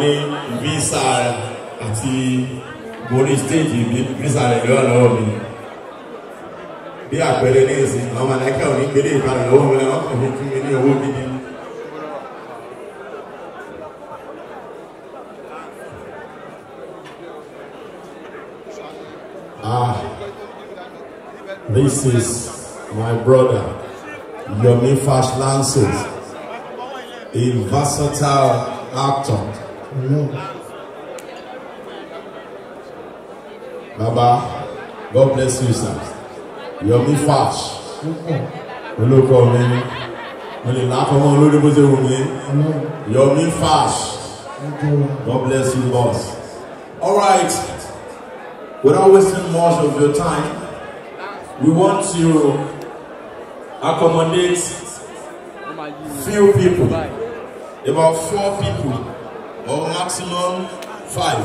ní visa àti borí stéèjì visa rẹ̀ lọ́wọ́ lọ́wọ́ mi bí àpẹẹrẹ ní ìsìn àwọn màláìka ò ní gbélé ìbára lọ́wọ́ mi lọ́wọ́ kò ní fún mi ní owó gidi. Ah, this is my brother, Yomi Fash Lances, a versatile actor. Baba, God bless you sir. Yomi Fash. Olóko mi When you laugh láàpọ̀ mọ́ olórí bó ṣe wù mí. Yomi Fash. God bless you boss. All right. Without wasting much of your time, we want to accommodate few people, about four people or maximum five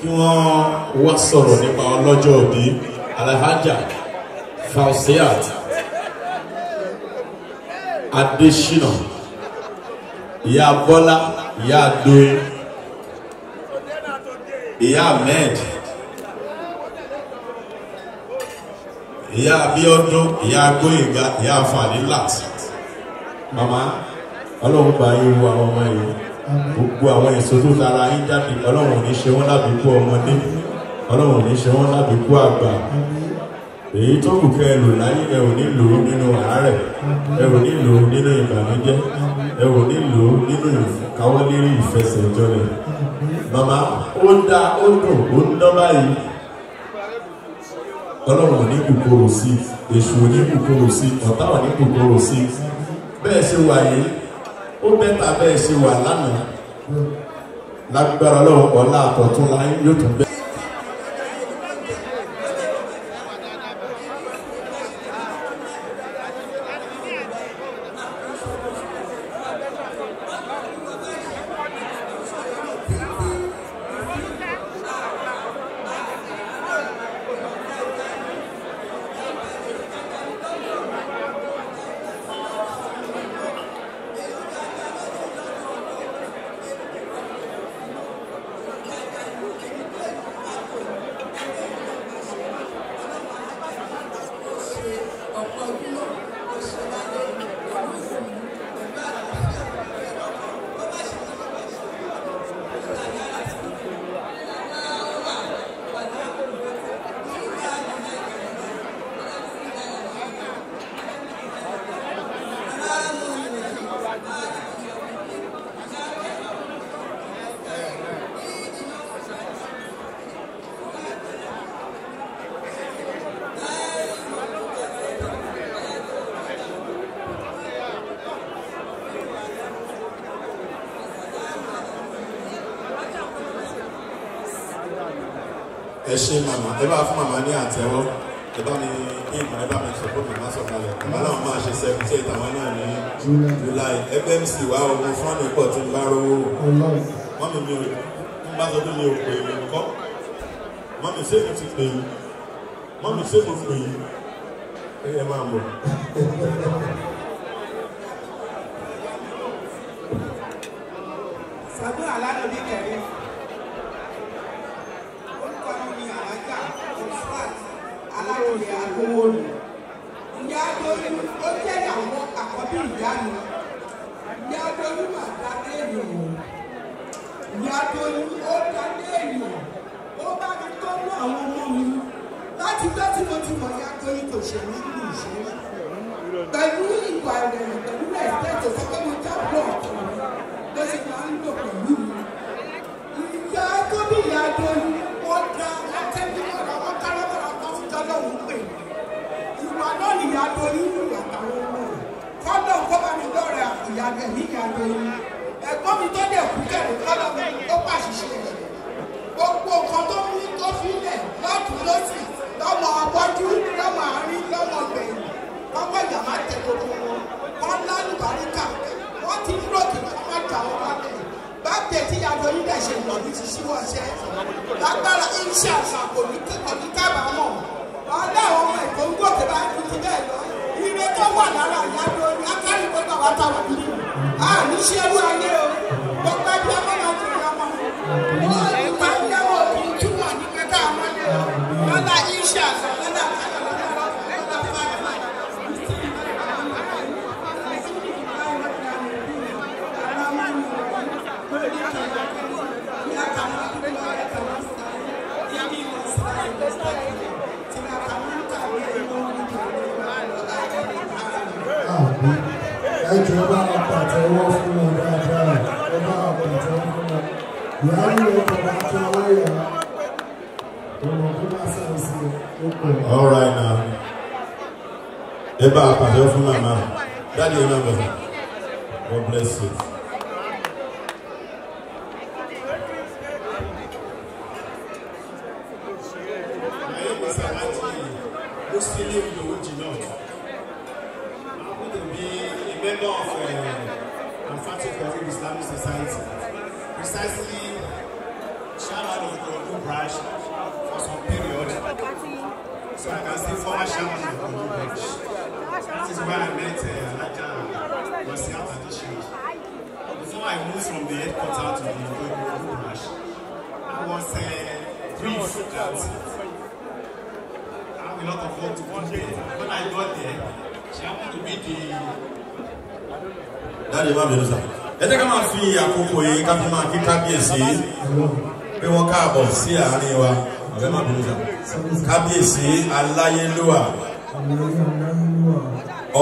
kí wọ́n wá sọ̀rọ̀ nípa ọlọ́jọ́ òbí alahaja fausiat adesina ìyá bọ́lá ìyá doe ìyá ahmed ìyá abiodun ìyá gbóyèga ìyá afanilati mama ọlọ́run bá yín wo àwọn ọmọ yìí gbogbo àwọn èso tó tara yín jáde ọlọ́run ò ní ṣe wọ́n lábìkú ọmọdé ọlọ́run ò ní ṣe wọ́n lábìkú àgbà èyí tó kù kẹ́ ẹ lò láyé ẹ ò ní lò ó nínú àárẹ̀ ẹ ò ní lò ó nínú ìbànújẹ́ ẹ ò ní lò ó nínú ìkáwọ́lérí ìfẹsẹ̀jọlẹ̀ màmá ó dá ó dùn ó ń dán báyìí ọlọ́run ò ní kòkòrò sí èṣù ò ní kòkòrò sí ọ̀tá ò ní kòkòrò sí bẹ́ẹ̀ ṣe wà yìí ó bẹ́ta bẹ́ẹ̀ ṣe wà lánàá lágbára lọ́wọ́ ọ̀la àtọ̀tún láyé yóò tún bẹ́ẹ̀. 哦。ẹ ṣe màmá ẹ bá fún màmá ní àtẹ́wọ́ ẹ bá mi ní ìmọ̀ ẹ bá mi sọ̀kọ́ mi má sọ̀kalẹ̀ màmá náà máa ṣe seventy eight àwọn náà ní July FMC wà ogun fọ́ọ̀nù pọ̀ tí ń bá rówó mọ́mí mi ò ń bá sọ pé mi ò pè é kọ́ mọ́mí ṣé ti pè é mọ́mí ṣé pè é ẹ máa mọ̀. pẹ̀lú ìwà ìrẹ̀lẹ̀ pẹ̀lú rẹ̀sítẹ́ẹ̀tì sọ́kọ́mọjá bọ̀ ọ̀tọ̀ọ̀rọ̀ ló ṣe máa ń lò pẹ̀lú mi. ìyá tó ní ìyá doyin wọ́n da akẹ́bí mọ́ra wọ́n kárákàrà kan fún tọ́lọ́hún pè mí. ìwà náà ní ìyá doyin wù àtàwọn ọmọ rẹ̀ kọ́dọ̀ kọ́ bá mi lọ́rẹ̀ àfìyà ẹ̀mí ìyá doyin. ẹ̀gbọ́n mi tó dẹ̀ kú kẹ́rù kọ́dọ̀ mi ó pàṣẹ ìwọ jẹ lágbára iṣẹ́ àṣà kò ní kábàámọ̀ ọlẹ́ àwọn ọmọ ẹ̀kọ́ ń gòkè bá ń dúdú bẹ́ẹ̀ lọ ire tó wà lára ìyá lórí akárí gbogbo àwọn táwọn dúdú a ní ṣe irú ayé o gbogbo ẹbí ọmọ máa ti rí ọmọ wọn ní pàṣẹ wọn kì í túmọ̀ nípa káwọn lé o lọ́la iṣẹ́ àṣà. All right now. Eba ẹ bá àwọn àtẹ́wọ́ fún wọn. God bless you. Um had a Okonjo branch for some period, so I can still former chairman of Okonjo branch. That is where I met uh, Alaja Wasia Before I moved from the headquarters to the Okonjo branch, I was uh, briefed that I have a lot of work to do there. When I got there, she happened to be the. Dáre má bẹ̀rù sá. Ẹ jẹ́ ká máa fi àkókò yìí ká fi máa kí kábíyèsí pé wọ́n káàbọ̀ sí àárín wa ọ̀rẹ́ má bínú kábíyèsí aláyélúwà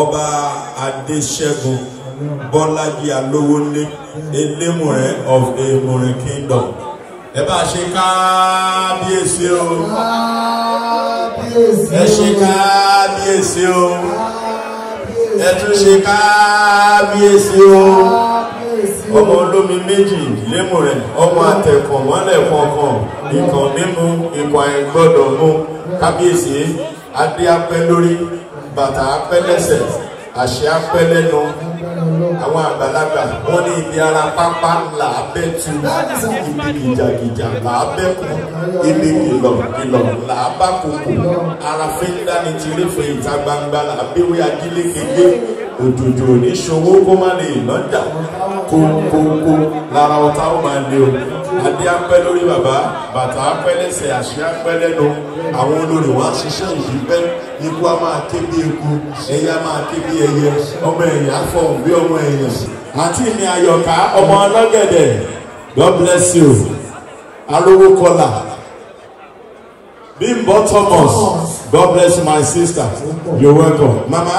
ọba adéṣẹ́gun bọ́lájí alówólé elémùrẹ́ of emure kingdom ẹ bá ṣe kábíyèsí o ẹ ṣe kábíyèsí o ẹ tún ṣe kábíyèsí o ọmọ olómi méjì lémù rẹ̀ ọmọ àtẹ̀kọ̀ mọ́lẹ̀ kọ̀ọ̀kan ìkàn mímu ìkọ̀ àìgbọ́dọ̀ mu kábíyèsí adé apẹ́ lórí bàtà apẹ́ lẹ́sẹ̀ àṣẹ apẹ́ lẹ́nu àwọn àgbàlagbà wọn ní ibi ara pápá là á bẹ́ tu ibi gìjàgìjà là á bẹ́ kú ibi kìlọ̀kìlọ̀ là á bá kòkò ara fẹ́ dání tirẹ́fẹ́ ìta gbangba là á béwé agílé gègé òjòjò ní ṣòwò kó má lè lọ́jà kókókó lára ọ̀tá ó máa lé o adé apẹ́ lórí bàbá bàtà apẹ́ lẹ́sẹ̀ àṣẹ apẹ́ lẹ́nu àwọn olórí wa ṣiṣẹ́ yìí pẹ́ ikú a máa ké bí eku ẹyẹ a máa ké bí ẹyẹ ọmọ ẹ̀yìn afọ bí ọmọ ẹ̀yìn àti ìní ayọ̀ká ọmọ ọlọ́gẹ̀dẹ̀ God bless you arówó kọlà Bimbo Thomas God bless my sister you're welcome mama.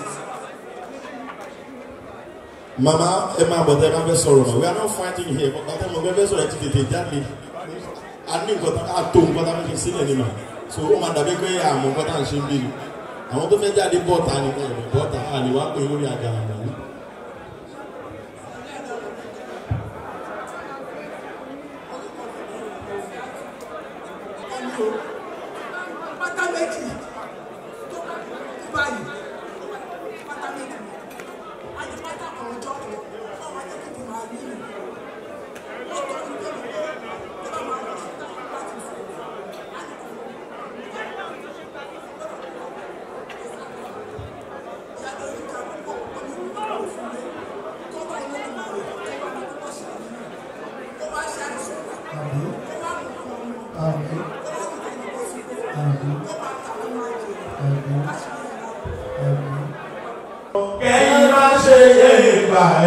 mama ẹ máa bọ̀ tẹ́ ẹ sọ̀rọ̀ mọ̀ we are not fighting here but bàtẹ́ mo fẹ́ fẹ́ sọ̀rọ̀ ẹ ti tètè jáde a ní nǹkan tá a tó nǹkan tá a fi sílẹ̀ ni mà so ó máa dàbí pé àmọ́ nǹkan tá à ń ṣe ń bí ni àwọn tó fẹ́ jáde bọ́ọ̀tà ni bọ́ọ̀tà àníwá pé lórí àga àná Thank you.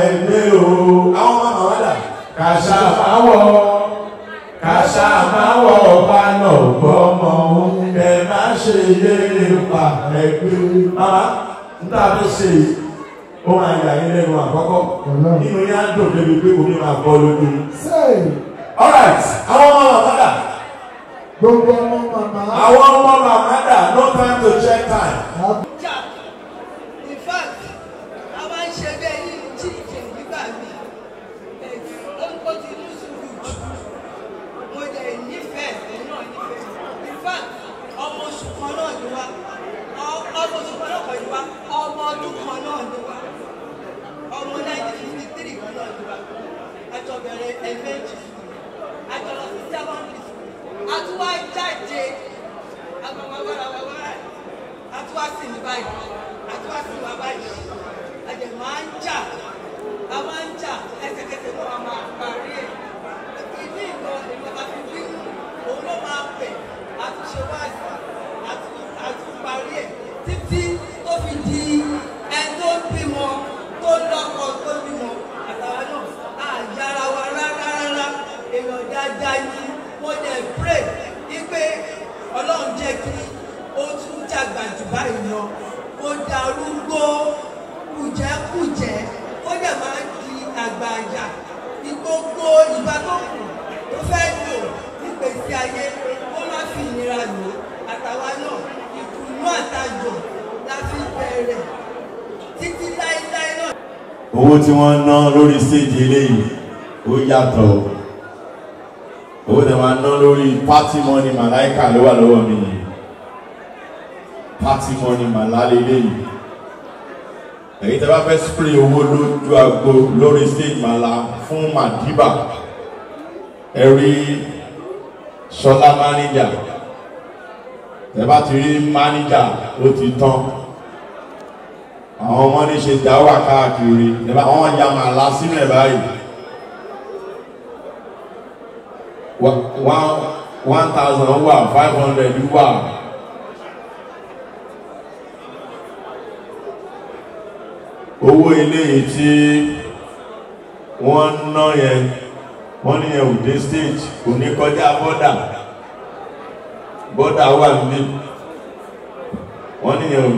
ẹgbẹ́ o. Àwọn ọmọ màmá dà. Kàṣà máa wọ̀ kàṣà máa wọ̀ ọ̀pá náà gbọ́ ọmọ òun. Ẹ má ṣe yéèrè pa ẹgbẹ́ o. Màmá n ta fi ṣe ó máa yà yín lẹ́nu àkọ́kọ́. Nínú yá dùn débi pé omi máa bọ́ lójú. Alright, àwọn ọmọ màmá dà. Gbogbo ọmọ màmá. Àwọn ọmọ màmá dà, no time to check time. ẹ̀ẹ̀mejì àjọlọ sí sẹ́wọ́nì àtúwá jáde agbọ̀ngbọ̀ngbọ̀nà wàwá àtúwá sì ní báyìí àtúwá sì wà báyìí àjẹ máa ń jà a máa ń jà ẹsẹ̀kẹsẹ̀ mọ́ a máa parí ẹ̀ ìní ìlọ ìjọba fi wí òun ló máa pẹ̀ àtúnṣe wáàsì àtúparí ẹ̀. rere títí láíláí náà. owó tí wọ́n ná lórí stage eléyìí ó yàtọ̀ owó tí wọ́n ná lórí party money màláìka ló wà lọ́wọ́ mi yìí party money màlálẹ́ eléyìí èyí tí a bá fẹ́ spray owó lójú agbo lórí stage màlá fún màdìbà ẹ̀rí sọlá máníjà ẹ bá ti rí máníjà ó ti tán àwọn ọmọ ní ṣe dáwà káàkiri ẹ̀bá àwọn ya máa la sílẹ̀ báyìí one thousand wà five hundred wà. owó ilé yìí tí wọ́n ń ná yẹn wọ́n ní yẹn ò dé stage kò ní kọjá bọ́dà bọ́dà wà níbí wọ́n ní yẹn